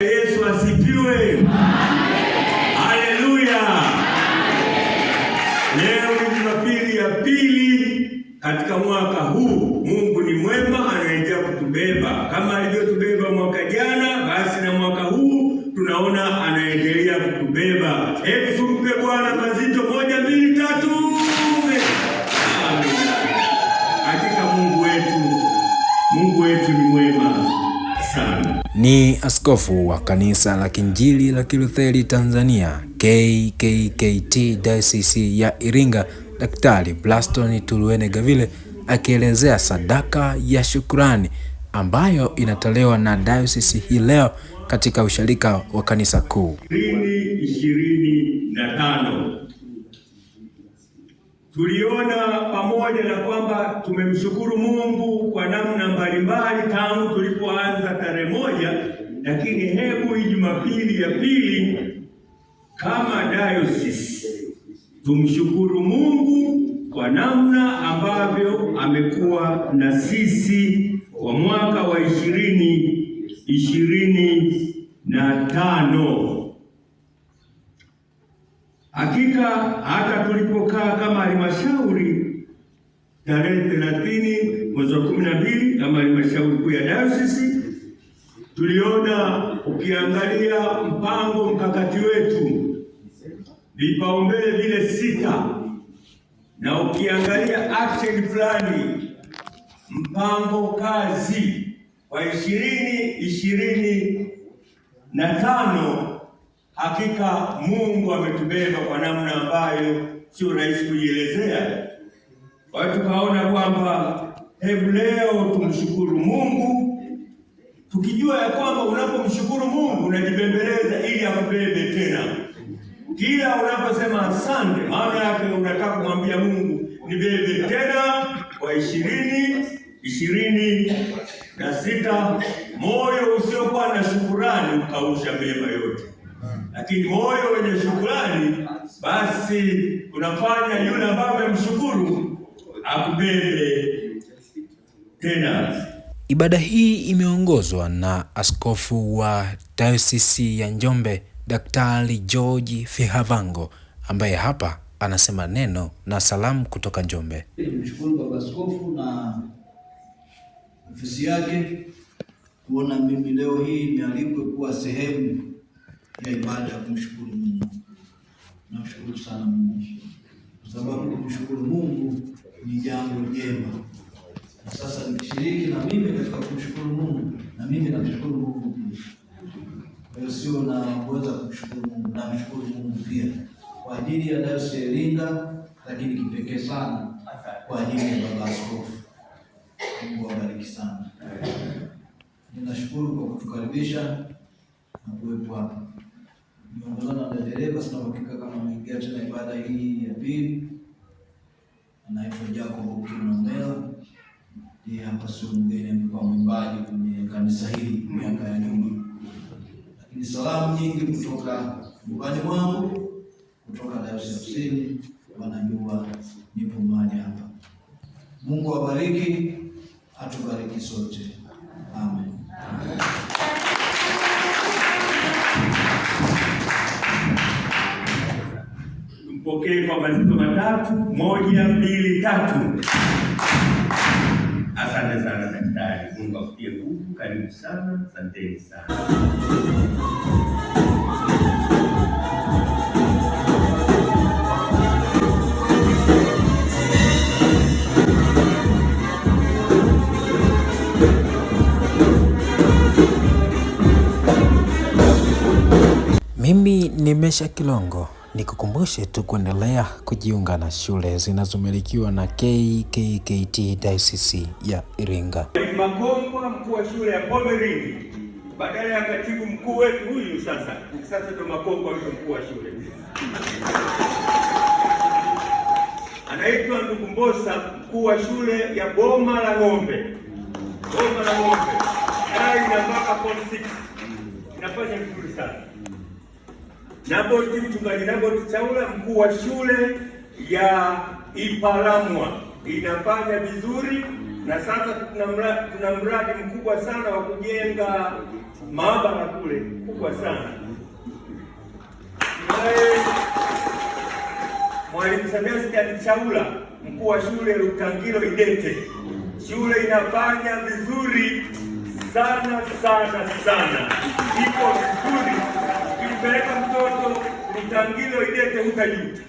Yesu asifiwe. Haleluya. Leo ni Jumapili ya pili katika mwaka huu. Mungu ni mwema, anaendelea kutubeba kama alivyotubeba mwaka jana, basi na mwaka huu tunaona ana Ni askofu wa kanisa la Kinjili la Kilutheri Tanzania KKKT Dayosisi ya Iringa, Daktari Blaston Tuluene Gavile akielezea sadaka ya shukrani ambayo inatolewa na dayosisi hii leo katika usharika wa kanisa kuu. ishirini tuliona pamoja na kwamba tumemshukuru Mungu kwa namna mbalimbali tangu tulipoanza tarehe moja, lakini hebu hii Jumapili ya pili kama dayosisi tumshukuru Mungu kwa namna ambavyo amekuwa na sisi kwa mwaka wa ishirini ishirini na tano. Hakika hata tulipokaa kama halmashauri tarehe 30 mwezi wa 12 kama halmashauri kuu ya dayosisi, tuliona ukiangalia mpango mkakati wetu vipaumbele vile sita, na ukiangalia action fulani mpango kazi wa ishirini ishirini na tano Hakika Mungu ametubeba kwa namna ambayo sio rahisi kuielezea. Kwa hiyo tukaona kwamba hebu leo tumshukuru Mungu, tukijua ya kwamba unapomshukuru Mungu unajibembeleza ili akubebe tena. Kila unaposema asante, maana yake unataka kumwambia Mungu nibebe tena kwa ishirini ishirini na sita. Moyo usiokuwa na shukurani ukausha mema yote lakini moyo wenye shukrani basi unafanya yule ambaye amemshukuru akubebe tena. Ibada hii imeongozwa na askofu wa dayosisi ya Njombe Daktari George Fihavango ambaye hapa anasema neno na salamu kutoka Njombe. Nimshukuru baba askofu na ofisi yake kuona mimi leo hii nialikwe kuwa sehemu ya ibada ya kumshukuru Mungu. Namshukuru sana Mungu kwa sababu kumshukuru Mungu ni jambo jema. Na sasa nikishiriki na mimi katika kumshukuru Mungu, na mimi namshukuru Mungu pia. Kwa hiyo sio naweza kumshukuru Mungu, namshukuru Mungu pia kwa ajili ya Dayosisi ya Iringa, lakini kipekee sana kwa ajili ya baba askofu. Mungu awabariki sana. Ninashukuru kwa kutukaribisha na kuwepo hapa nimeongozana na dereva, sina uhakika kama ameingia tena ibada hii ya pili. Anaitwa Jacob Kinondela, yeye hapa sio mgeni, amekuwa mwimbaji kwenye kanisa hili miaka ya nyuma, lakini salamu nyingi kutoka nyumbani mwangu, kutoka Dayosisi ya Kusini, wanajua nipo mahali hapa. Mungu awabariki, atubariki sote. tupokee kwa mazizo matatu: moja, mbili, tatu. Asante sana daktari, Mungu akutie nguvu. Karibu sana, asanteni sana. Meshack Kilongo, nikukumbushe tu kuendelea kujiunga na shule zinazomilikiwa na KKKT Dayosisi ya Iringa. Magongwa, mkuu wa shule ya Pombe Iringa, badala ya katibu mkuu wetu huyu sasa, sasa ndo Magongwa ndio mkuu wa shule anaitwa ndugu Mbosa, mkuu wa shule ya Boma la Ng'ombe. Boma la Ng'ombe ai na mpaka 46 inafanya vizuri sana Naboti Mchungaji Naboti Chaula, mkuu wa shule ya ipalamwa inafanya vizuri, na sasa tuna mradi mkubwa sana wa kujenga maabara kule kubwa sana. Naye Mwalimu Samia Sitani Chaula, mkuu wa shule Rutangiro Idete, shule inafanya vizuri sana sana sana, iko vizuri ukimpeleka mtoto mtangile uidete hutajuta.